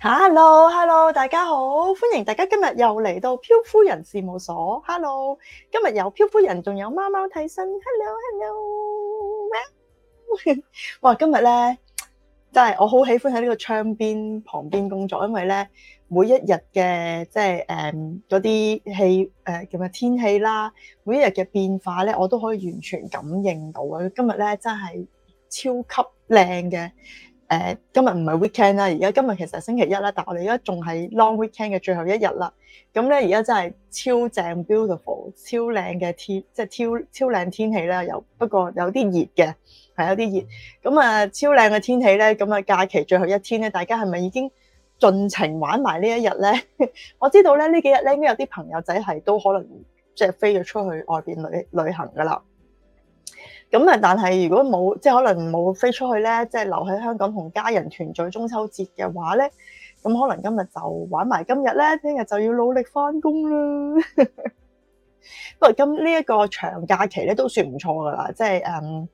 Hello，Hello，hello, 大家好，歡迎大家今日又嚟到漂夫人事務所。Hello，今日有漂夫人，仲有貓貓替身。Hello，Hello 咩 hello？ 哇，今日咧真係我好喜歡喺呢個窗邊旁邊工作，因為咧每一日嘅即係誒嗰啲氣誒叫咩天氣啦，每一日嘅變化咧，我都可以完全感應到。今日咧真係超級靚嘅。誒今日唔係 weekend 啦，而家今日其實係星期一啦，但係我哋而家仲係 long weekend 嘅最後一日啦。咁咧而家真係超正 beautiful、超靚嘅天，即係超超靚天氣啦。有不過有啲熱嘅，係有啲熱。咁啊超靚嘅天氣咧，咁啊假期最後一天咧，大家係咪已經盡情玩埋呢一日咧？我知道咧呢幾日咧應該有啲朋友仔係都可能即係飛咗出去外邊旅旅行㗎啦。咁啊！但係如果冇即係可能冇飛出去咧，即係留喺香港同家人團聚中秋節嘅話咧，咁可能今日就玩埋今日咧，聽日就要努力翻工啦。不過咁呢一個長假期咧都算唔錯噶啦，即係誒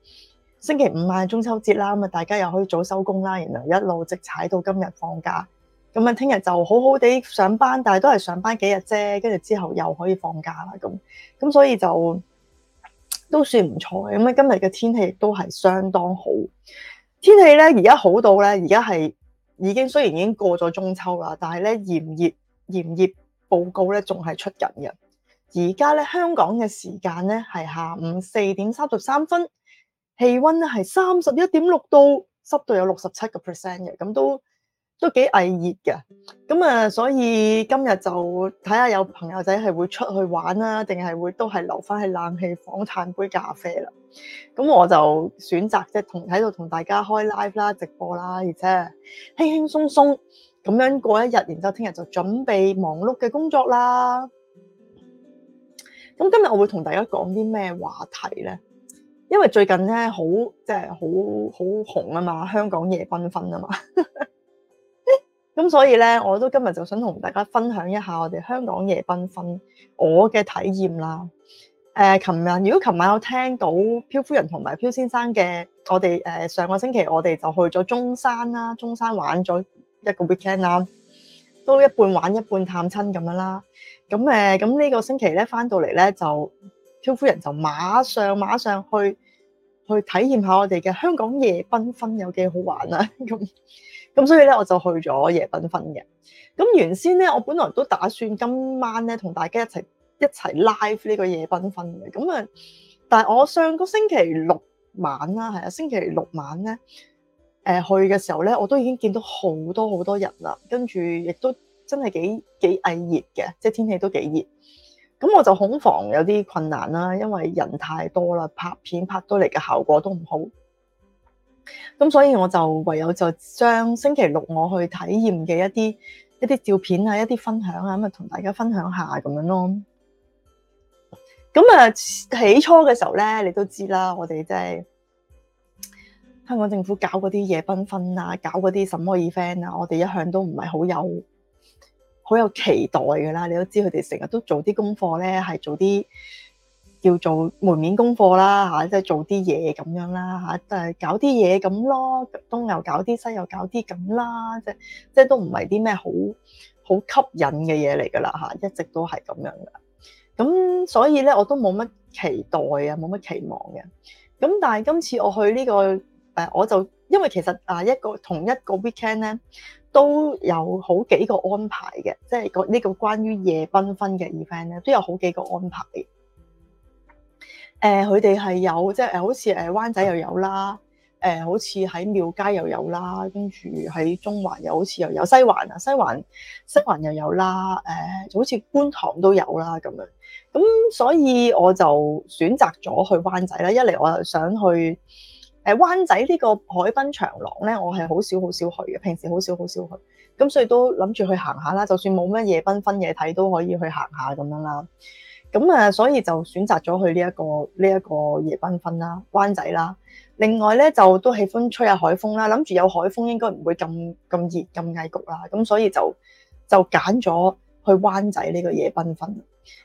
星期五晚中秋節啦，咁啊大家又可以早收工啦，然後一路直踩到今日放假，咁啊聽日就好好地上班，但係都係上班幾日啫，跟住之後又可以放假啦，咁咁所以就。都算唔錯嘅，咁啊今日嘅天氣都係相當好。天氣咧而家好到咧，而家係已經雖然已經過咗中秋啦，但係咧炎熱炎熱報告咧仲係出緊嘅。而家咧香港嘅時間咧係下午四點三十三分，氣温咧係三十一點六度，到濕度有六十七個 percent 嘅，咁都。都幾偽熱嘅，咁啊，所以今日就睇下有朋友仔係會出去玩啊，定係會都係留翻喺冷氣房嘆杯咖啡啦。咁我就選擇即係同喺度同大家開 live 啦，直播啦，而且輕輕鬆鬆咁樣過一日，然之後聽日就準備忙碌嘅工作啦。咁今日我會同大家講啲咩話題咧？因為最近咧好即係好好紅啊嘛，香港夜繽紛啊嘛。咁所以咧，我都今日就想同大家分享一下我哋香港夜繽紛我嘅體驗啦。誒、呃，琴日如果琴晚我聽到漂夫人同埋漂先生嘅，我哋誒、呃、上個星期我哋就去咗中山啦，中山玩咗一個 weekend 啦，都一半玩一半探親咁樣啦。咁誒，咁、呃、呢個星期咧翻到嚟咧就漂夫人就馬上馬上去去體驗下我哋嘅香港夜繽紛有幾好玩啊！咁。 咁所以咧，我就去咗夜繽紛嘅。咁原先咧，我本來都打算今晚咧同大家一齊一齊 live 呢個夜繽紛嘅。咁啊，但係我上個星期六晚啦，係啊，星期六晚咧，誒、呃、去嘅時候咧，我都已經見到好多好多人啦。跟住亦都真係幾幾翳熱嘅，即係天氣都幾熱。咁我就恐防有啲困難啦，因為人太多啦，拍片拍到嚟嘅效果都唔好。咁所以我就唯有就將星期六我去體驗嘅一啲一啲照片啊，一啲分享啊咁啊，同大家分享下咁樣咯。咁啊，起初嘅時候咧，你都知啦，我哋即係香港政府搞嗰啲夜繽紛啊，搞嗰啲什麼 event 啊，我哋一向都唔係好有好有期待噶啦。你都知佢哋成日都做啲功課咧，係做啲。叫做門面功課啦嚇，即係做啲嘢咁樣啦嚇，誒搞啲嘢咁咯，東又搞啲，西又搞啲咁啦，即即係都唔係啲咩好好吸引嘅嘢嚟㗎啦嚇，一直都係咁樣嘅。咁所以咧，我都冇乜期待啊，冇乜期望嘅。咁但係今次我去呢個誒，我就因為其實啊一個同一個 weekend 咧都有好幾個安排嘅，即係個呢個關於夜繽紛嘅 event 咧都有好幾個安排。誒佢哋係有，即係好似誒灣仔又有啦，好似喺廟街又有啦，跟住喺中環又好似又有西環啊，西環西環又有啦，就好似觀塘都有啦咁樣。咁所以我就選擇咗去灣仔啦，一嚟我又想去誒灣仔呢個海濱長廊咧，我係好少好少去嘅，平時好少好少去，咁所以都諗住去行下啦，就算冇咩夜繽紛夜睇都可以去行下咁樣啦。咁啊，所以就選擇咗去呢一個呢一個夜繽紛啦，灣仔啦。另外咧，就都喜歡吹下海風啦，諗住有海風應該唔會咁咁熱咁翳焗啦。咁所以就就揀咗去灣仔呢個夜繽紛。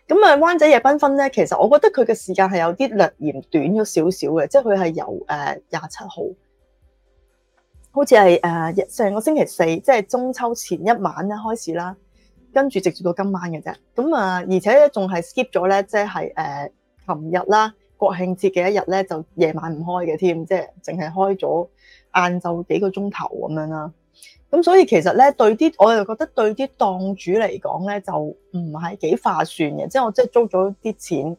咁啊，灣仔夜繽紛咧，其實我覺得佢嘅時間係有啲略嫌短咗少少嘅，即係佢係由誒廿七號，好似係誒上個星期四，即係中秋前一晚咧開始啦。跟住直至到今晚嘅啫，咁啊，而且咧仲係 skip 咗咧，即係誒琴日啦，國慶節嘅一日咧就夜晚唔開嘅添，即係淨係開咗晏晝幾個鐘頭咁樣啦。咁所以其實咧對啲，我又覺得對啲檔主嚟講咧就唔係幾划算嘅，即係我即係租咗啲錢。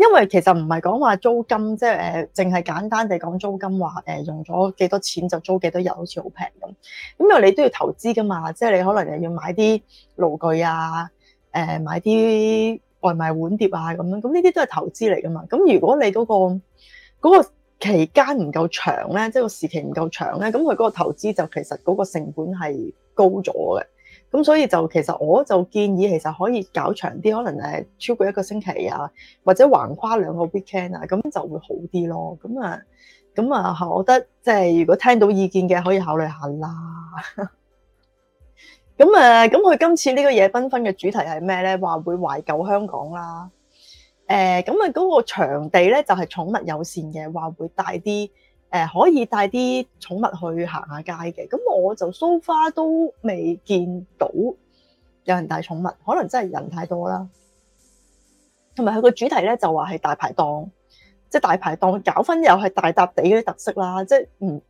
因為其實唔係講話租金，即係誒，淨係簡單地講租金說，話、呃、誒用咗幾多錢就租幾多日，好似好平咁。咁又你都要投資噶嘛，即係你可能又要買啲爐具啊，誒、呃、買啲外賣碗碟啊咁樣，咁呢啲都係投資嚟噶嘛。咁如果你嗰、嗰個期間唔夠長咧，即係個時期唔夠長咧，咁佢嗰個投資就其實嗰個成本係高咗嘅。咁所以就其實我就建議，其實可以搞長啲，可能誒超過一個星期啊，或者橫跨兩個 weekend 啊，咁就會好啲咯。咁啊，咁啊，我覺得即係如果聽到意見嘅，可以考慮下啦。咁 啊，咁佢今次呢個夜繽紛嘅主題係咩咧？話會懷舊香港啦。誒、呃，咁啊嗰個場地咧就係、是、寵物友善嘅，話會帶啲。呃、可以帶啲寵物去行下街嘅，咁我就 so far 都未見到有人帶寵物，可能真係人太多啦。同埋佢個主題咧就話係大排檔，即係大排檔搞返又係大笪地嗰啲特色啦，即係唔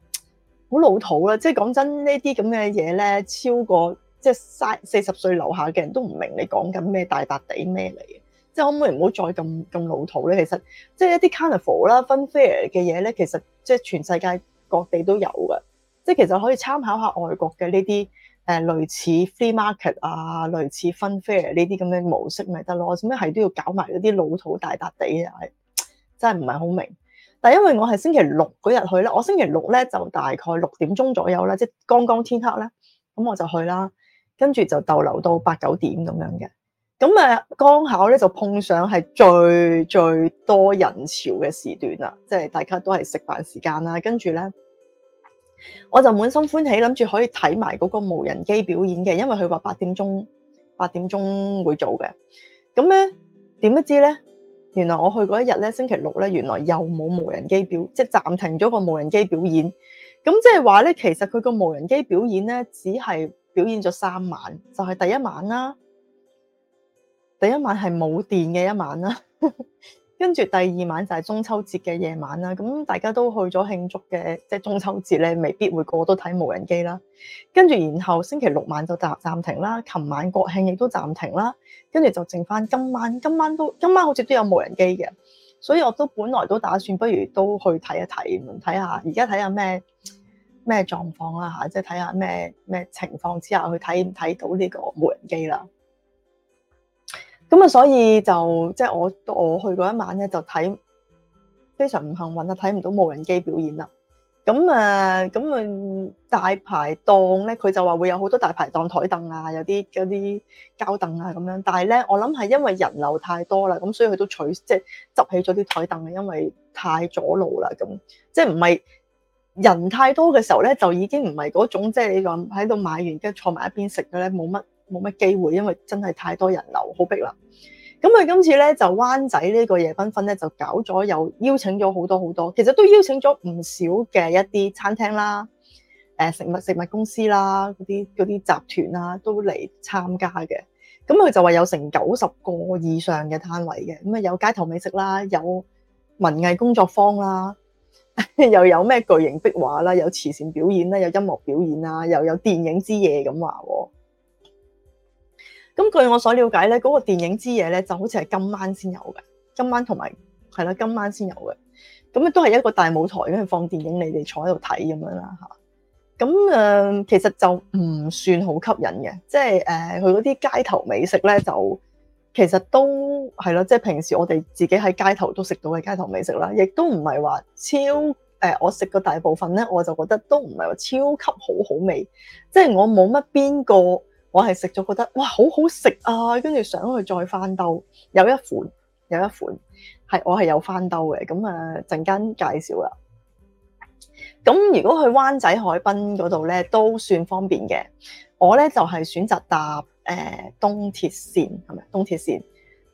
好老土啦。即係講真，呢啲咁嘅嘢咧，超過即係三四十歲樓下嘅人都唔明你講緊咩大笪地咩嚟嘅。即係可唔可以唔好再咁咁老土咧？其實即係一啲 carnival 啦、funfair 嘅嘢咧，其實即係全世界各地都有嘅。即係其實可以參考下外國嘅呢啲誒類似 free market 啊、類似 funfair 呢啲咁嘅模式咪得咯。我做咩係都要搞埋嗰啲老土大笪地啊？係真係唔係好明。但因為我係星期六嗰日去呢，我星期六咧就大概六點鐘左右啦，即係剛剛天黑咧，咁我就去啦，跟住就逗留到八九點咁樣嘅。咁啊，剛巧咧就碰上係最最多人潮嘅時段啦，即係大家都係食飯時間啦。跟住咧，我就滿心歡喜諗住可以睇埋嗰個無人機表演嘅，因為佢話八點鐘八點鐘會做嘅。咁咧點都知咧，原來我去嗰一日咧星期六咧，原來又冇無人機表，即係暫停咗個無人機表演。咁即係話咧，其實佢個無人機表演咧，只係表演咗三晚，就係第一晚啦。第一晚係冇電嘅一晚啦，跟 住第二晚就係中秋節嘅夜晚啦，咁大家都去咗慶祝嘅，即係中秋節咧，未必會個個都睇無人機啦。跟住然後星期六晚就暫暫停啦，琴晚國慶亦都暫停啦，跟住就剩翻今晚，今晚都今晚好似都有無人機嘅，所以我都本來都打算不如都去睇一睇，睇下而家睇下咩咩狀況啦吓，即係睇下咩咩情況之下去睇唔睇到呢個無人機啦。咁啊，所以就即係、就是，我我去嗰一晚咧，就睇非常唔幸運啊，睇唔到無人機表演啦。咁啊，咁啊大排檔咧，佢就話會有好多大排檔台凳啊，有啲嗰啲膠凳啊咁樣，但係咧，我諗係因為人流太多啦，咁所以佢都取即係執起咗啲台凳，啊，因為太阻路啦。咁即係唔係人太多嘅時候咧，就已經唔係嗰種即係、就是，你話喺度買完跟住坐埋一邊食嘅咧，冇乜。冇乜機會，因為真係太多人流，好逼啦。咁佢今次咧就灣仔呢個夜繽紛咧就搞咗，又邀請咗好多好多，其實都邀請咗唔少嘅一啲餐廳啦、誒食物食物公司啦、嗰啲嗰啲集團啦、啊，都嚟參加嘅。咁佢就話有成九十個以上嘅攤位嘅，咁啊有街頭美食啦，有文藝工作坊啦， 又有咩巨型壁畫啦，有慈善表演啦，有音樂表演啦，又有電影之夜咁話喎。咁據我所了解咧，嗰、那個電影之夜咧，就好似係今晚先有嘅。今晚同埋，係啦，今晚先有嘅。咁都係一個大舞台咁去放電影，你哋坐喺度睇咁樣啦嚇。咁誒、呃，其實就唔算好吸引嘅，即係誒佢嗰啲街頭美食咧，就其實都係咯，即係、就是、平時我哋自己喺街頭都食到嘅街頭美食啦，亦都唔係話超誒、呃，我食過大部分咧，我就覺得都唔係話超級好好味，即、就、係、是、我冇乜邊個。我係食咗覺得哇好好食啊，跟住想去再翻兜，有一款有一款係我係有翻兜嘅，咁啊陣間介紹啦。咁如果去灣仔海濱嗰度咧，都算方便嘅。我咧就係、是、選擇搭誒東鐵線係咪？東鐵線，是是東鐵線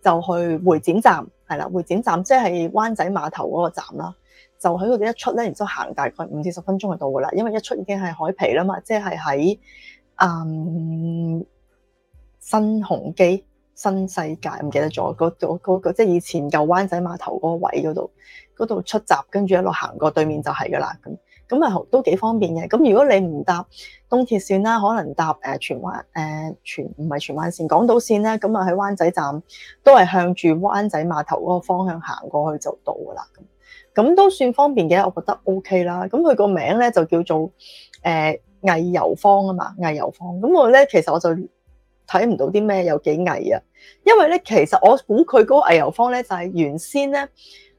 就去會展站係啦，會展站即係、就是、灣仔碼頭嗰個站啦。就喺嗰度一出咧，然之後行大概五至十分鐘就到噶啦，因為一出已經係海皮啦嘛，即係喺。Um, 新鴻基新世界唔記得咗個，即係以前舊灣仔碼頭嗰個位嗰度，嗰度出閘，跟住一路行過對面就係噶啦。咁咁啊，都幾方便嘅。咁如果你唔搭東鐵線啦，可能搭誒荃灣誒荃唔係荃灣線港島線咧，咁啊喺灣仔站都係向住灣仔碼頭嗰個方向行過去就到噶啦。咁咁都算方便嘅，我覺得 OK 啦。咁佢個名咧就叫做誒。呃藝遊坊啊嘛，藝遊坊。咁我咧，其實我就睇唔到啲咩有幾藝啊，因為咧，其實我估佢嗰個藝遊坊咧，就係、是、原先咧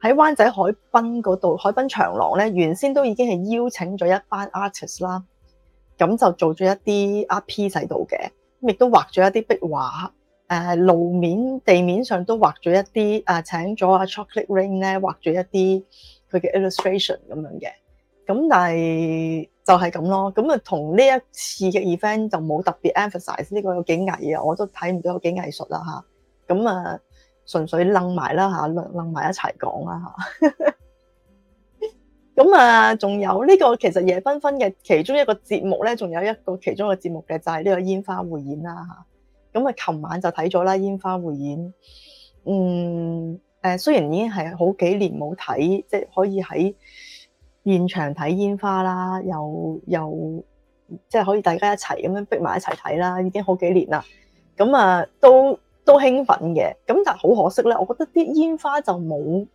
喺灣仔海濱嗰度，海濱長廊咧，原先都已經係邀請咗一班 artist 啦，咁就做咗一啲 art piece 喺度嘅，亦都畫咗一啲壁畫，誒、呃，路面地面上都畫咗一啲，誒、呃，請咗阿、啊、Chocolate Rain 咧畫咗一啲佢嘅 illustration 咁樣嘅，咁但係。就係咁咯，咁啊同呢一次嘅 event 就冇特別 emphasize 呢個有幾藝啊，我都睇唔到有幾藝術啦吓，咁啊，純粹楞埋啦吓，楞埋一齊講啦吓。咁啊，仲、啊啊啊、有呢、這個其實夜繽紛嘅其中一個節目咧，仲有一個其中一個節目嘅就係呢個煙花匯演啦吓。咁啊，琴、啊、晚就睇咗啦煙花匯演。嗯，誒，雖然已經係好幾年冇睇，即係可以喺。現場睇煙花啦，又又即係可以大家一齊咁樣逼埋一齊睇啦，已經好幾年啦，咁啊都都興奮嘅，咁但係好可惜咧，我覺得啲煙花就冇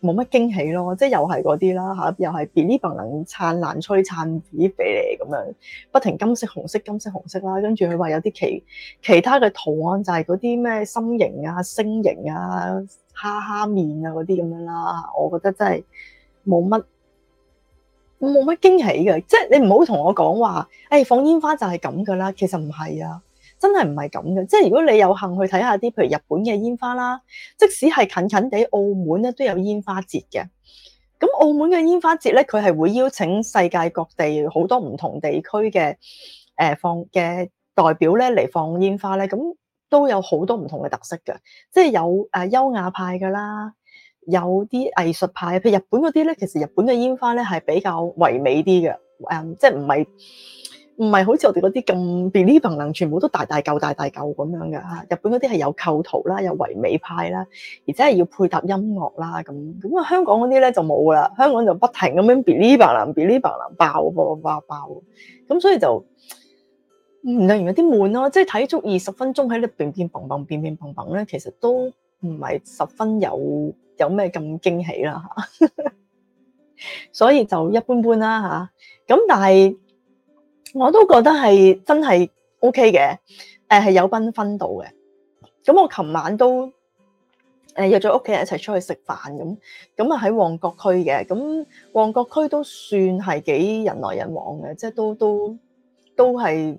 冇乜驚喜咯，即係又係嗰啲啦嚇，又係嗶哩唪能燦爛吹燦紙俾你咁樣，不停金色紅色金色紅色啦，跟住佢話有啲其其他嘅圖案就係嗰啲咩心形啊、星形啊、哈哈面啊嗰啲咁樣啦，我覺得真係冇乜。冇乜驚喜嘅，即係你唔好同我講話、誒，放煙花就係咁噶啦，其實唔係啊，真係唔係咁嘅。即係如果你有幸去睇下啲，譬如日本嘅煙花啦，即使係近近地澳門咧都有煙花節嘅。咁澳門嘅煙花節咧，佢係會邀請世界各地好多唔同地區嘅誒放嘅代表咧嚟放煙花咧，咁都有好多唔同嘅特色嘅，即係有誒優雅派噶啦。有啲藝術派，譬如日本嗰啲咧，其實日本嘅煙花咧係比較唯美啲嘅，誒、嗯，即係唔係唔係好似我哋嗰啲咁 bilibili 能全部都大大嚿、大大嚿咁樣嘅、啊、日本嗰啲係有構圖啦，有唯美派啦，而且係要配搭音樂啦，咁咁啊，香港嗰啲咧就冇啦，香港就不停咁樣 bilibili 能 bilibili 能爆爆爆爆爆，咁所以就令人、嗯、有啲悶咯，即係睇足二十分鐘喺度變變嘭嘭變變嘭嘭咧，其實都唔係十分有。有咩咁驚喜啦嚇， 所以就一般般啦嚇。咁但係我都覺得係真係 OK 嘅，誒係有繽紛到嘅。咁我琴晚都誒約咗屋企人一齊出去食飯咁，咁啊喺旺角區嘅，咁旺角區都算係幾人來人往嘅，即係都都都係。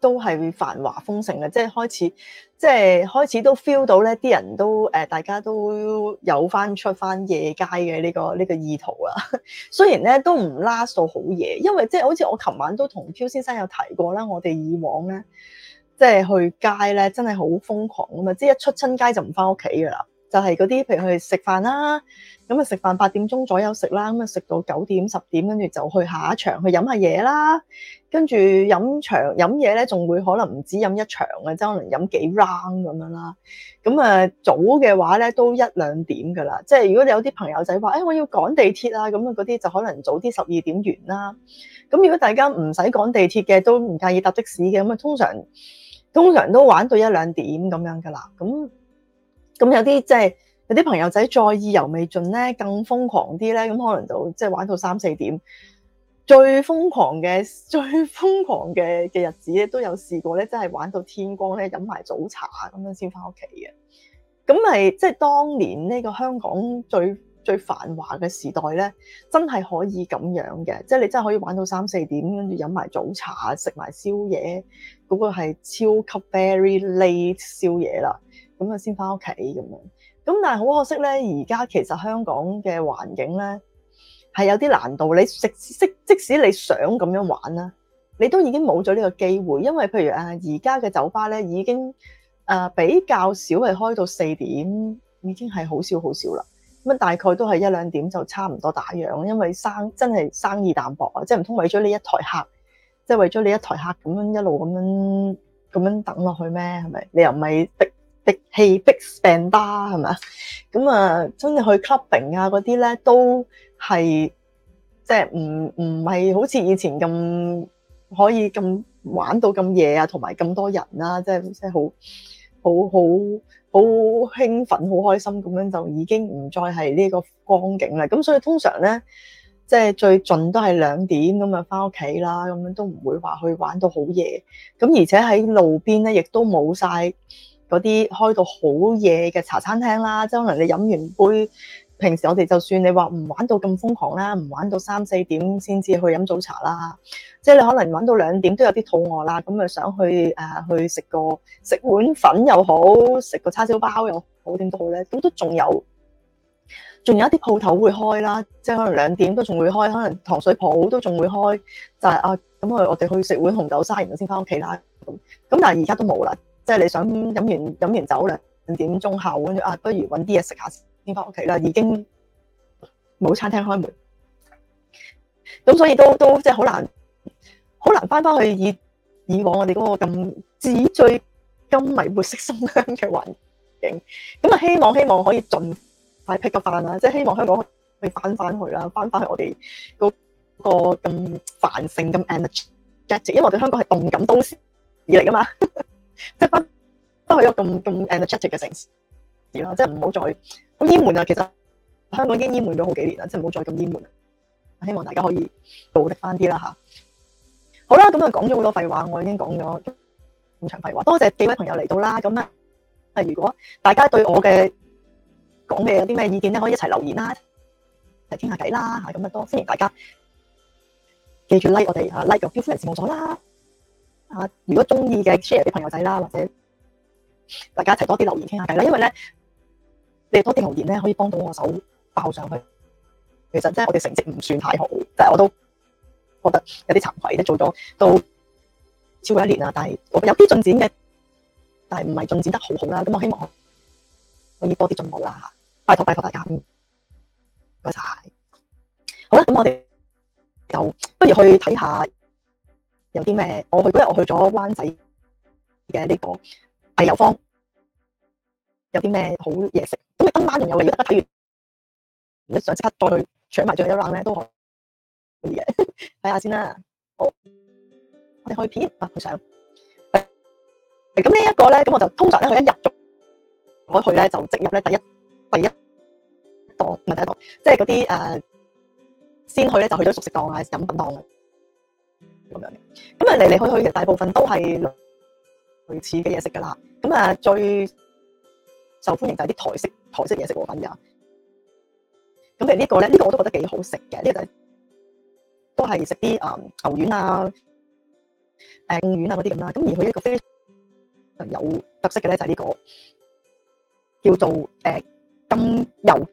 都係繁華豐盛嘅，即係開始，即係開始都 feel 到咧，啲人都誒，大家都有翻出翻夜街嘅呢個呢個意圖啦。雖然咧都唔拉到好夜，因為即係好似我琴晚都同漂先生有提過啦，我哋以往咧即係去街咧真係好瘋狂啊嘛，即係一出親街就唔翻屋企噶啦。就係嗰啲，譬如去食飯啦，咁啊食飯八點鐘左右食啦，咁啊食到九點十點，跟住就去下一場去飲下嘢啦，跟住飲場飲嘢咧，仲會可能唔止飲一場啊，即可能飲幾 round 咁樣啦。咁啊早嘅話咧，都一兩點噶啦。即係如果你有啲朋友仔話，誒、哎、我要趕地鐵啊，咁啊嗰啲就可能早啲十二點完啦。咁如果大家唔使趕地鐵嘅，都唔介意搭的士嘅，咁啊通常通常都玩到一兩點咁樣噶啦，咁。咁有啲即係有啲朋友仔再意猶未盡咧，更瘋狂啲咧，咁可能就即係玩到三四點，最瘋狂嘅最瘋狂嘅嘅日子咧，都有試過咧，真係玩到天光咧，飲埋早茶咁樣先翻屋企嘅。咁係即係當年呢個香港最最繁華嘅時代咧，真係可以咁樣嘅，即係你真係可以玩到三四點，跟住飲埋早茶，食埋宵夜，嗰個係超級 very late 宵夜啦。咁佢先翻屋企咁樣，咁但係好可惜咧。而家其實香港嘅環境咧係有啲難度。你食即即使你想咁樣玩啦，你都已經冇咗呢個機會，因為譬如啊，而家嘅酒吧咧已經誒、呃、比較少係開到四點，已經係好少好少啦。咁大概都係一兩點就差唔多打烊，因為生真係生意淡薄啊，即係唔通為咗你一台客，即、就、係、是、為咗你一台客咁樣一路咁樣咁樣等落去咩？係咪你又唔係吸氣、吸病巴係嘛？咁啊，真係去 clubbing 啊嗰啲咧，都係即係唔唔係好似以前咁可以咁玩到咁夜啊，同埋咁多人啦，即係即係好好好好興奮、好開心咁樣，就已經唔再係呢個光景啦。咁所以通常咧，即係最盡都係兩點咁啊，翻屋企啦，咁樣都唔會話去玩到好夜。咁而且喺路邊咧，亦都冇晒。嗰啲開到好夜嘅茶餐廳啦，即係可能你飲完杯，平時我哋就算你話唔玩到咁瘋狂啦，唔玩到三四點先至去飲早茶啦，即係你可能玩到兩點都有啲肚餓啦，咁啊想去誒、啊、去食個食碗粉又好，食個叉燒包又好，點都好咧，都都仲有，仲有一啲鋪頭會開啦，即係可能兩點都仲會開，可能糖水鋪都仲會開，就係、是、啊咁去我哋去食碗紅豆沙，然後先返屋企啦，咁但係而家都冇啦。即係你想飲完飲完酒啦，五點鐘後跟住啊，不如搵啲嘢食下先翻屋企啦。已經冇餐廳開門，咁、嗯、所以都都即係好難，好難翻翻去以以往我哋嗰個咁紙醉金迷、活色生香嘅環境。咁啊，希望希望可以盡快 pick up 翻啦，即係希望香港可以翻翻去啦，翻翻去我哋嗰個咁繁盛、咁 energy、因為我哋香港係動感都市而嚟噶嘛。即係不不去有咁咁 energetic 嘅城市啦，即係唔好再好淹悶啊！其實香港已經淹悶咗好幾年啦，即係唔好再咁淹悶。希望大家可以努力翻啲啦，吓，好啦，咁啊講咗好多廢話，我已經講咗咁長廢話，多謝幾位朋友嚟到啦。咁啊，啊如果大家對我嘅講嘅有啲咩意見咧，可以一齊留言啦，一齊嚟傾下偈啦，吓，咁啊多，歡迎大家記住 like 我哋啊 like 個漂夫人事務所冇啦。啊！如果中意嘅 share 俾朋友仔啦，或者大家一齊多啲留言傾下偈啦，因為咧你多啲留言咧可以幫到我手爆上去。其實即係我哋成績唔算太好，但係我都覺得有啲慚愧，都做咗都超過一年啦，但係我有啲進展嘅，但係唔係進展得好好啦。咁我希望可以多啲進步啦，拜託拜託大家，唔該晒。好啦，咁我哋又不如去睇下。有啲咩？我去嗰日我去咗灣仔嘅呢個藝遊坊，有啲咩好嘢食？咁你今晚仲有嚟，如果得睇完，你想即刻再去搶埋最後一 round 嘅都可以 看看好以嘅。睇下先啦，好，我哋去片啊，佢想。咁呢一個咧，咁我就通常咧，我一入咗去咧，就直入咧第一第一檔啊，唔係第一檔，即係嗰啲誒先去咧，就去咗熟食檔啊、飲品檔啊。咁樣嘅，咁啊嚟嚟去去其實大部分都係類似嘅嘢食噶啦，咁啊最受歡迎就係啲台式台式嘢食咁樣，咁其實呢個咧呢個我都覺得幾好食嘅，呢個就係都係食啲誒牛丸啊、誒貢丸啊嗰啲咁啦，咁而佢一個非常有特色嘅咧就係呢個叫做誒金油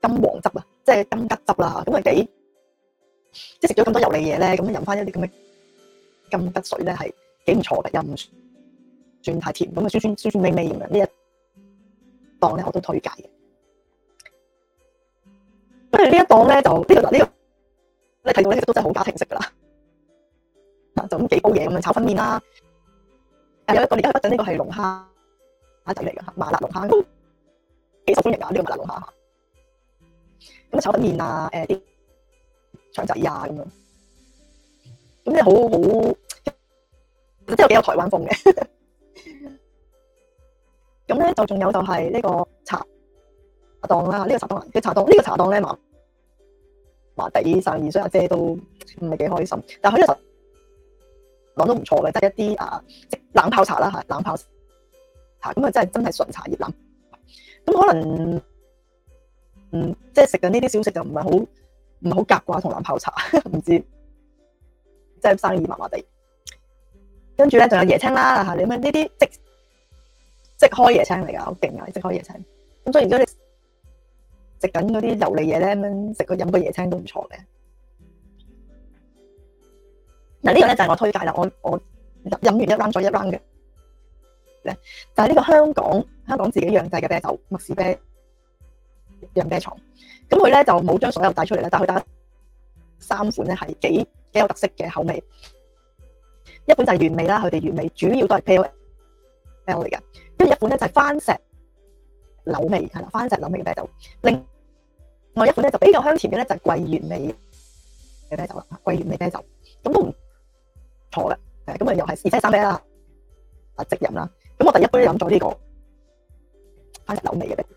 金黃汁啊，即係金桔汁啦，咁係幾～即係食咗咁多油膩嘢咧，咁樣飲翻一啲咁嘅金桔水咧，係幾唔錯嘅，又唔算太甜，咁啊酸酸酸酸味味咁樣。呢一檔咧，我都推介嘅。跟住呢一檔咧就呢、這個呢、這個你睇到呢個都真係好家庭式噶啦，啊就咁幾煲嘢，咁啊炒粉麵啦，誒一個而家等呢個係龍蝦蝦仔嚟嘅麻辣龍蝦，都幾十蚊一斤啊呢、這個麻辣龍蝦，咁炒粉麵啊誒啲。呃長仔呀咁樣，咁你好好，即係幾有台灣風嘅。咁咧就仲有就係呢個茶檔啦，呢、這個茶檔，佢茶檔呢個茶檔咧，麻麻哋生意，所以阿姐都唔係幾開心。但係佢咧就攞到唔錯嘅，得一啲啊即冷泡茶啦吓，冷泡茶咁啊，真係真係純茶葉冷泡。咁可能嗯，即係食緊呢啲小食就唔係好。唔好夾啩，同藍泡茶，唔知，即係生意麻麻地。跟住咧，仲有椰青啦，啊，吓你咁呢啲即即開椰青嚟噶，好勁噶，即開椰青。咁所以如果你食緊嗰啲油膩嘢咧，咁樣食個飲個椰青都唔錯嘅。嗱，呢個咧就係、是、我推介啦，我我飲完一 round 再一 round 嘅。咧，就係、是、呢個香港香港自己釀製嘅啤酒，麥士啤，釀啤廠。咁佢咧就冇將所有帶出嚟啦，但佢得三款咧係幾幾有特色嘅口味。一款就係原味啦，佢哋原味主要都係 Pale Ale 嚟嘅，跟住一款咧就係番石榴味，係啦，番石榴味嘅啤酒。另外一款咧就比較香甜嘅咧就係桂圓味嘅啤酒啦，桂圓味啤酒咁都唔錯嘅，係咁啊又係而且三杯啦，啊即飲啦，咁我第一杯飲咗呢個番石榴味嘅啤酒。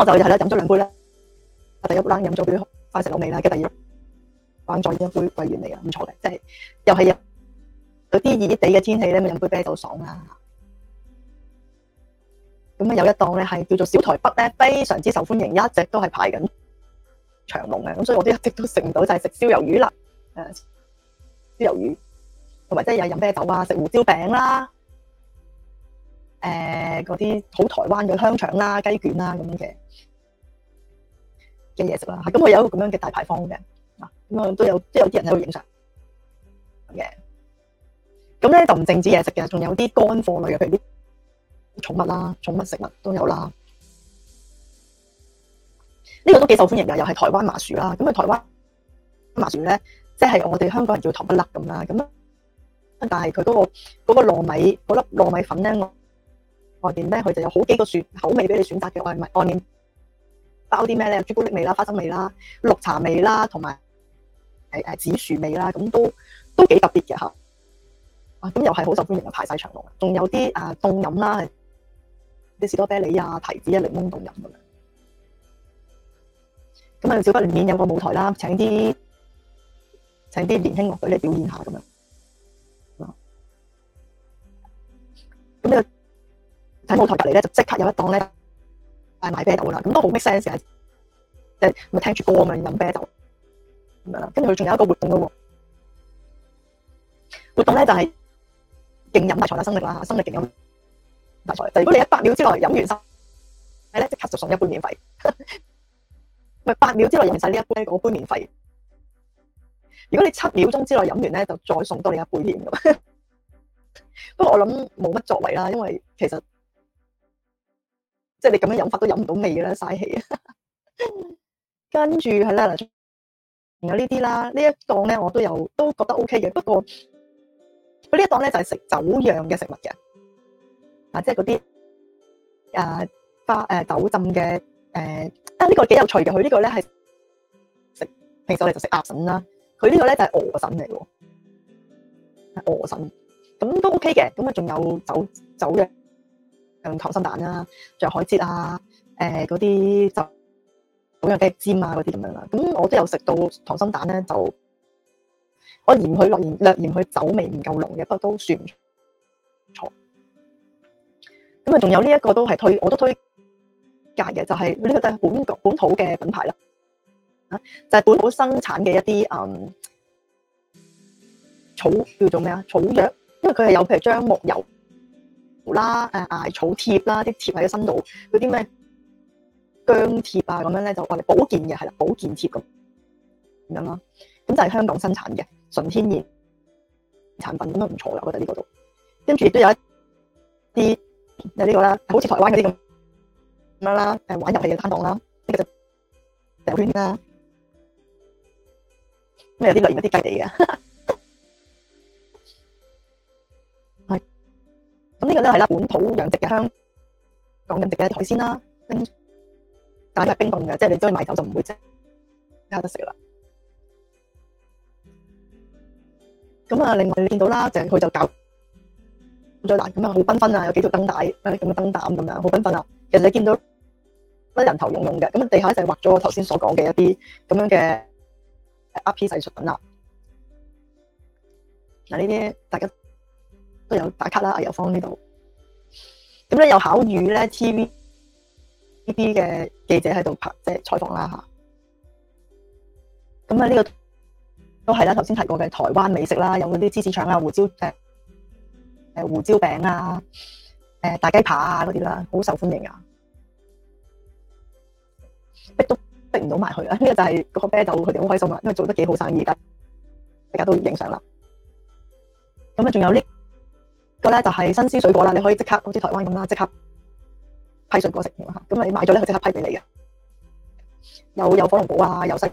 我就係啦，飲咗兩杯啦。第一，喝了一杯飲咗杯花生老味啦，跟住第二玩再一杯桂圓味啊，唔錯嘅，即係又係有嗰啲熱熱地嘅天氣咧，咪飲杯啤酒爽啊！咁啊有一檔咧係叫做小台北咧，非常之受歡迎，一直都係排緊長龍嘅。咁所以我都一直都食唔到，就係、是、食燒魷魚啦，誒、啊、燒魷魚同埋即係又飲啤酒啊，食胡椒餅啦、啊。誒，嗰啲好台灣嘅香腸啦、啊、雞卷啦、啊、咁樣嘅嘅嘢食啦、啊，咁佢有一個咁樣嘅大牌坊嘅，啊咁樣都有都有啲人喺度影相嘅，咁咧就唔淨止嘢食嘅，仲有啲乾貨類嘅，譬如啲寵物啦、啊、寵物食物都有啦、啊，呢、這個都幾受歡迎㗎，又係台灣麻薯啦、啊，咁啊台灣麻薯咧，即、就、係、是、我哋香港人叫糖不甩咁啦，咁啊但係佢嗰個糯米粒糯米粉咧，我。外面咧，佢就有好幾個選口味俾你選擇嘅外賣外面包啲咩咧？朱古力味啦、花生味啦、綠茶味啦，同埋誒誒紫薯味啦，咁都都幾特別嘅吓，啊，咁、啊、又係好受歡迎啊，排晒長龍。仲有啲啊，凍飲啦，啲士多啤梨啊、提子啊、檸檬凍飲咁樣。咁啊，小巴裏面有個舞台啦，請啲請啲年輕樂隊嚟表演下咁樣。咁啊～喺舞台隔籬咧，就即刻有一檔咧，係買啤酒啦。咁都好 make sense 嘅，即係咪聽住歌咁樣飲啤酒咁樣啦。跟住佢仲有一個活動咯喎，活動咧就係勁飲大財啦，生力啦，生力勁飲大財。但係如果你喺八秒之內飲完生，係咧，即刻就送一杯免費，咪 八秒之內飲完晒呢一杯，嗰杯免費。如果你七秒鐘之內飲完咧，就再送多你一杯添咁。 不過我諗冇乜作為啦，因為其實。即係你咁樣飲法都飲唔到味嘅啦，嘥氣啊！ 跟住係啦，仲有呢啲呢呢啲啦，呢一檔咧我都有都覺得 O K 嘅，不過佢呢一檔咧就係、係、食酒釀嘅食物嘅，啊即係嗰啲啊花誒酒浸嘅誒，啊呢、啊啊呢個幾有趣嘅，佢呢個咧係食平時我哋就食鴨腎啦，佢呢個咧就係鵝腎嚟嘅，鵝腎咁都 O K 嘅，咁啊仲有酒酒嘅。嗯，糖心蛋啦，像海蜇啊，誒嗰啲就咁樣雞翼尖啊，嗰啲咁樣啦。咁我都有食到糖心蛋咧，就我嫌佢落鹽，略嫌佢酒味唔夠濃嘅，不過都算唔錯。咁啊，仲有呢一個都係推，我都推介嘅，就係、是、呢個都係本國本土嘅品牌啦，啊，就係、是、本土生產嘅一啲嗯草叫做咩啊，草藥，因為佢係有譬如樟木油。胡啦，誒艾草貼啦，啲貼喺個身度，嗰啲咩薑貼啊，咁樣咧就我哋保健嘅，係啦，保健貼咁咁樣啦，咁就係香港生產嘅純天然、呢個、產品，咁都唔錯啦，我覺得呢個度。跟住都有一啲就呢、係呢個啦，好似台灣嗰啲咁咁樣啦，誒玩遊戲嘅攤檔啦，呢、呢個就成圈啦，咩有啲類型有啲雞髀嘅。咁呢個咧係啦，本土養殖嘅香港人食嘅海鮮啦，冰但係冰凍嘅，即係你鍾意買走就唔會即係有得食啦。咁啊，另外你見到啦，就係佢就搞好咗啦，咁啊好繽紛啊，有幾條燈帶，咁嘅燈膽咁樣，好繽紛啊。其實你見到乜人頭湧湧嘅，咁啊地下就畫咗我頭先所講嘅一啲咁樣嘅壓片藝術品啦。嗱，呢啲大家，都有打卡啦，藝遊坊呢度。咁咧又考魚咧，TVB 嘅記者喺度拍即係採訪啦吓。咁啊呢個都係啦，頭先提過嘅台灣美食啦，有嗰啲芝士腸啊、胡椒餅、誒胡椒餅啊、誒大雞扒啊嗰啲啦，好受歡迎噶。逼都逼唔到埋去啊！呢、這個就係嗰個啤酒，佢哋好開心啊，因為做得幾好生意，而家大家都影相啦。咁啊，仲有呢？個咧就係新鮮水果啦，你可以即刻好似台灣咁啦，即刻批水果食。咁你買咗咧，佢即刻批俾你嘅。有有火龍果啊，有西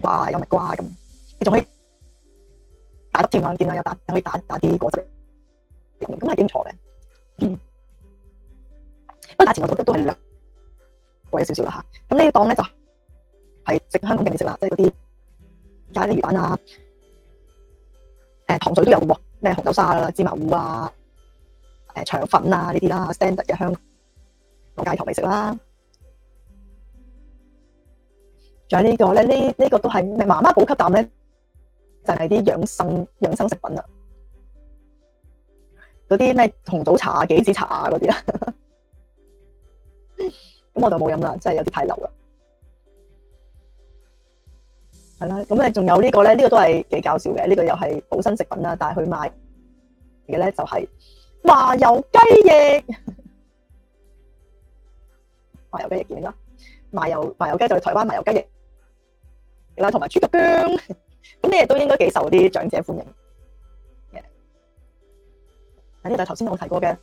瓜、有蜜瓜咁啊，你仲可以打到甜品店啊，有打可以打打啲果汁。咁係點坐嘅？嗯。不過價錢我覺得都係略貴咗少少啦嚇。咁呢檔咧就係食香港嘅美食啦，即係嗰啲咖喱魚蛋啊，誒糖水都有喎。咩紅豆沙啦、芝麻糊啊、誒、呃、腸粉啊呢啲啦 standard 嘅香港街頭美食啦，仲有呢個呢個咧，呢呢、呢個都係咩媽媽補給站咧，就係、是、啲養生養生食品啦，啊，嗰啲咩紅棗茶啊、杞子茶啊嗰啲啊，咁 我就冇飲啦，真係有啲太流啦。係啦，咁仲有呢個咧，呢個都係幾搞笑嘅，呢個又是補身食品啦，但是佢賣嘅咧就係麻油雞翼，麻油雞翼見啦，麻油麻油雞就係台灣麻油雞翼啦，同埋豬腳薑，咁呢啲都應該幾受啲長者歡迎。呢個頭先我提過嘅，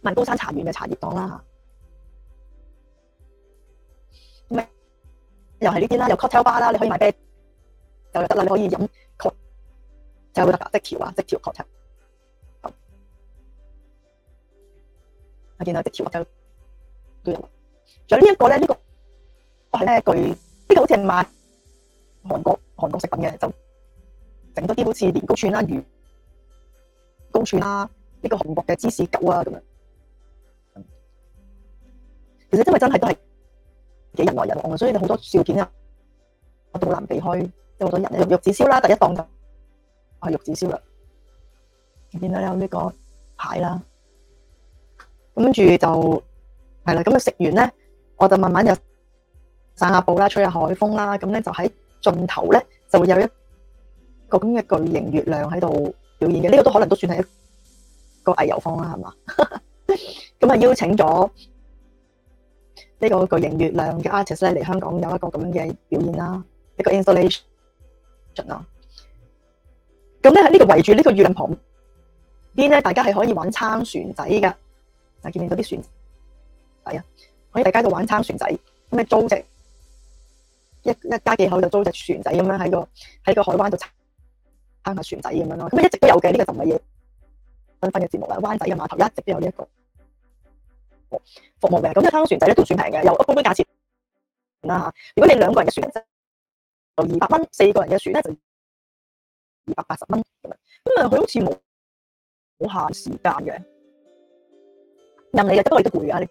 文高山茶園嘅茶葉檔啦。又係呢啲啦，有 cocktail bar 啦，你可以買杯就得啦，你可以飲 c 就得啦，即調啊，即調 cocktail。我見到即調啊，就都有。仲有呢一個呢，呢、這個我係咧句，呢、這個好似係賣韓國韓國食品嘅，就整多啲好似年糕串啦、啊、魚糕串啦、啊，呢、這個韓國嘅芝士狗啊咁樣、嗯。其實真係真係都係。幾人來人往嘅，所以你好多照片咧，我都好難避開有好多人啊！玉玉子燒啦，第一檔就係玉子燒啦，見到有呢個牌啦，跟住就係啦，咁啊食完咧，我就慢慢又散下步啦，吹下海風啦，咁咧就喺盡頭咧就會有一個咁嘅巨型月亮喺度表演嘅，呢個都可能都算係一個藝遊坊啦，係嘛？咁啊邀請咗。呢個巨型月亮嘅 artist 咧，嚟香港有一個咁嘅表演啦，一個 installation 啊。咁咧喺呢度圍住呢個月亮旁邊咧，大家係可以玩撐船仔噶。嗱，見唔見到啲船仔啊？可以喺街度玩撐船仔，咩租隻一一家幾口就租隻船仔咁樣，喺個喺個海灣度撐下船仔咁樣咯。咁一直都有嘅，呢個就唔係夜繽紛嘅節目啦。灣仔嘅碼頭一直都有呢一個服務嘅，咁即係撐船仔咧都算平嘅，有一般般價錢啦吓。如果你兩個人嘅船就二百蚊，四個人嘅船咧就二百八十蚊咁啊。佢好似冇冇限時間嘅，任你日幾你都攰多陪啊，你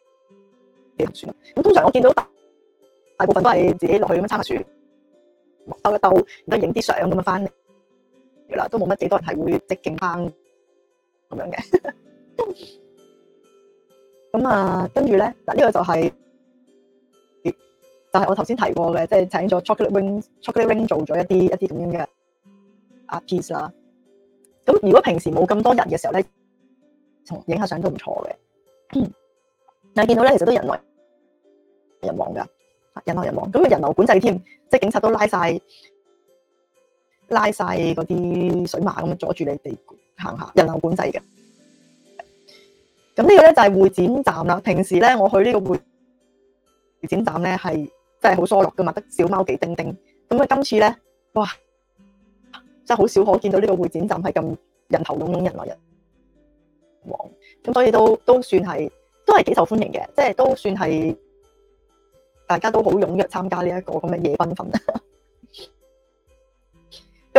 點算啊？咁通常我見到大部分都係自己落去咁撐下船，兜一兜，然後影啲相咁啊翻嚟啦，都冇乜幾多人係會即勁翻咁樣嘅。 咁啊，跟住咧，嗱呢個就係就係我頭先提過嘅，即係請咗 Chocolate Wing Chocolate Wing 做咗一啲一啲咁樣嘅 Art Piece 啦。咁如果平時冇咁多人嘅時候咧，同影下相都唔錯嘅。但係見到咧，其實都人來人往噶，人來人往。咁啊，人流管制添，即係警察都拉晒拉晒嗰啲水馬咁啊，阻住你哋行下，人流管制嘅。咁呢個呢就係會展站啦。平時呢我去呢個會展站呢係真係好疏落噶嘛，得小貓幾丁丁。咁啊，今次呢，哇，真係好少可見到呢個會展站係咁人頭擁擁人來人往。咁所以都都算係都係幾受歡迎嘅，即係都算係大家都好踊躍參加呢一個咁嘅夜繽紛，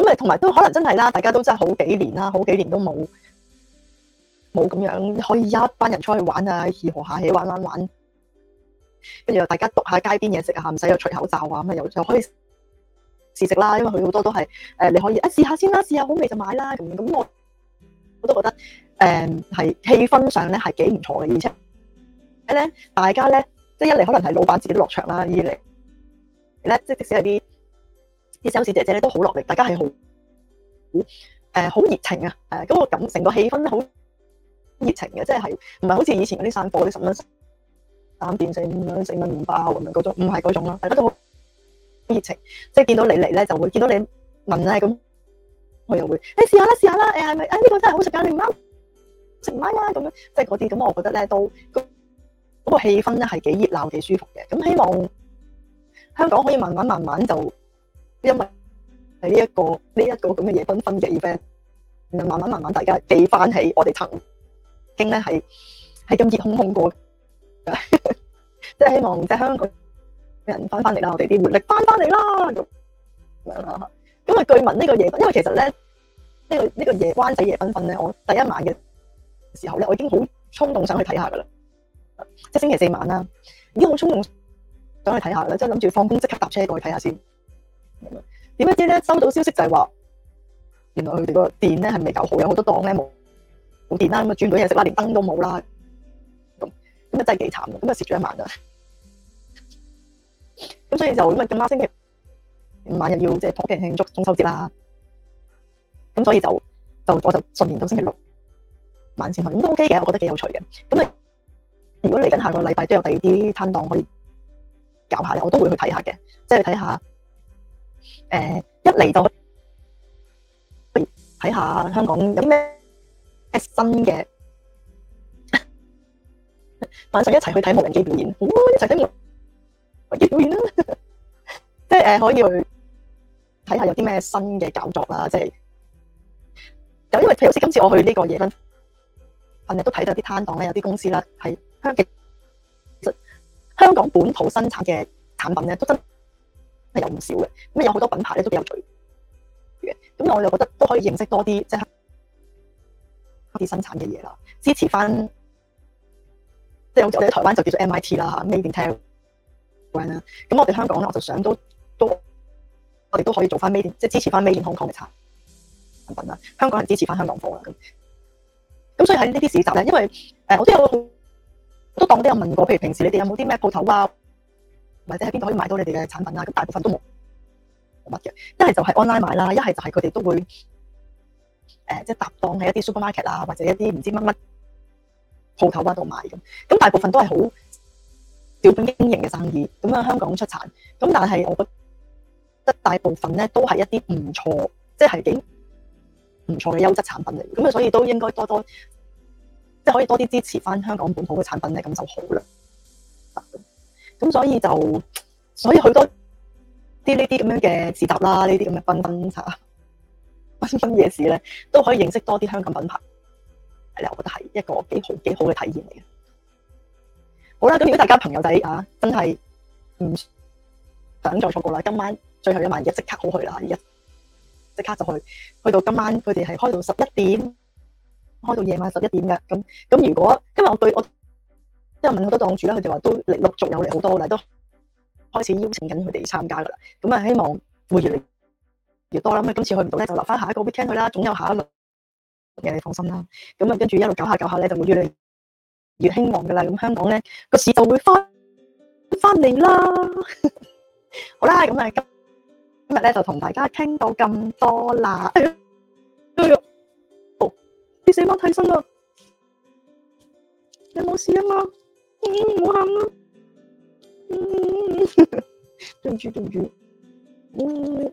咁同埋都可能真係啦，大家都真係好幾年啦，好幾年都冇。冇咁樣，可以一班人出去玩啊，二河下起玩玩玩，跟住又大家讀下街邊嘢食啊，唔使，又除口罩啊，咁啊又又可以試食啦。因為佢好多都係誒，你可以誒試、啊、下先啦，試下好味就買啦。咁咁我我都覺得誒係氣氛上咧係幾唔錯嘅，而且咧大家咧即係一嚟可能係老闆自己都落場啦，二嚟咧即係即使係啲啲 sales 姐姐咧都好落力，大家係好好誒好熱情啊，誒咁個感成個氣氛好。熱情嘅，即係唔係好似以前嗰啲散貨啲十蚊三點四五蚊四蚊五包咁樣嗰種，唔係嗰種咯。大家都好熱情，即係見到你嚟咧，就會見到你問咧，咁我又會，誒試下啦，試下啦，誒係咪？誒呢個真係好食㗎，你唔啱食唔啱啊？咁樣即係嗰啲，咁我覺得咧都嗰個氣氛咧係幾熱鬧、幾舒服嘅。咁希望香港可以慢慢慢慢就因為喺呢一個呢一個咁嘅嘢繽紛嘅 event，然後慢慢慢慢大家記翻起我哋曾經咧係係咁熱烘烘過，即係希望即係香港人翻翻嚟啦，我哋啲活力翻翻嚟啦，咁啊！因為據聞呢個夜，因為其實咧呢個呢個夜灣仔夜繽紛咧，我第一晚嘅時候咧，我已經好衝動想去睇下噶啦，即係星期四晚啦，已經好衝動想去睇下啦，即係諗住放工即刻搭車過去睇下先。點不知咧收到消息就係話，原來佢哋個電咧係未夠好，有好多檔咧冇。冇電啦，咁啊轉到嘢食啦，連燈都冇啦，咁咁啊真係幾慘，咁啊蝕咗一晚啦。咁所以就咁啊，咁啱星期五晚又要即係同屋企人慶祝中秋節啦。咁所以就就我就順便到星期六晚先去，咁都 OK 嘅，我覺得幾有趣嘅。咁啊，如果嚟緊下，下個禮拜都有第二啲攤檔可以搞下，我都會去睇下嘅，即係睇下誒一嚟到睇下香港有咩。新嘅晚上一齊去睇無人機表演，哦，一齊睇無人機表演啦！即係誒，可以去睇下有啲咩新嘅搞作啦！即係就因為譬如好似今次我去呢個嘢啦，我日都睇到啲攤檔咧，有啲公司啦，喺香港，其實香港本土生產嘅產品咧，都真係有唔少嘅。咁有好多品牌咧都比有趣嘅。咁我就覺得都可以認識多啲，即係。啲生產嘅嘢啦，支持翻即係即係我哋喺台灣就叫做 MIT 啦嚇，Made in Taiwan。咁我哋香港咧，我就想都，都我哋都可以做翻 Made 即係支持翻 Made in Hong Kong 嘅產產品啦。香港人支持翻香港貨啦咁。咁所以喺呢啲市集咧，因為誒我都有都當都有問過，譬如平時你哋有冇啲咩鋪頭啊，或者喺邊度可以買到你哋嘅產品啊？咁大部分都冇乜嘅，一係就係 online 買啦，一係就係佢哋都會。誒，即係搭檔喺一啲 supermarket 啊，或者一啲唔知乜乜鋪頭嗰度賣咁，咁大部分都係好小本經營嘅生意。咁樣，香港出產，咁但係我覺得大部分咧都係一啲唔錯，即係係幾唔錯嘅優質產品嚟。咁所以都應該多多即係、就是、可以多啲支持返香港本土嘅產品咧，咁就好啦。咁所以就所以好多啲呢啲咁樣嘅自搭啦，呢啲咁嘅繽紛茶。我喺夜市咧，都可以認識多啲香港品牌。係啦，我覺得係一個幾好幾好嘅體驗嚟嘅。好啦，咁如果大家朋友仔啊，真係唔想再錯過啦，今晚最後一晚嘢即刻好去啦，而家即刻就去，去到今晚佢哋係開到十一點，開到夜晚十一點㗎。咁如果今日我對我因為問好多檔主啦，佢哋話都嚟陸續有嚟好多啦，都開始邀請緊佢哋參加啦。咁啊，希望會越嚟越多啦，咁啊今次去唔到咧，就留翻下一個 weekend 去啦。總有下一個嘅，你放心啦。咁啊，跟住一路搞下搞下咧，就會越嚟越興旺噶啦。咁香港咧個市就會翻翻嚟啦。好啦，咁啊今今日咧就同大家傾到咁多啦。哎呀，哎呀，你四巴睇身啊？有冇事啊嘛？唔好喊啦。對唔住，對唔住。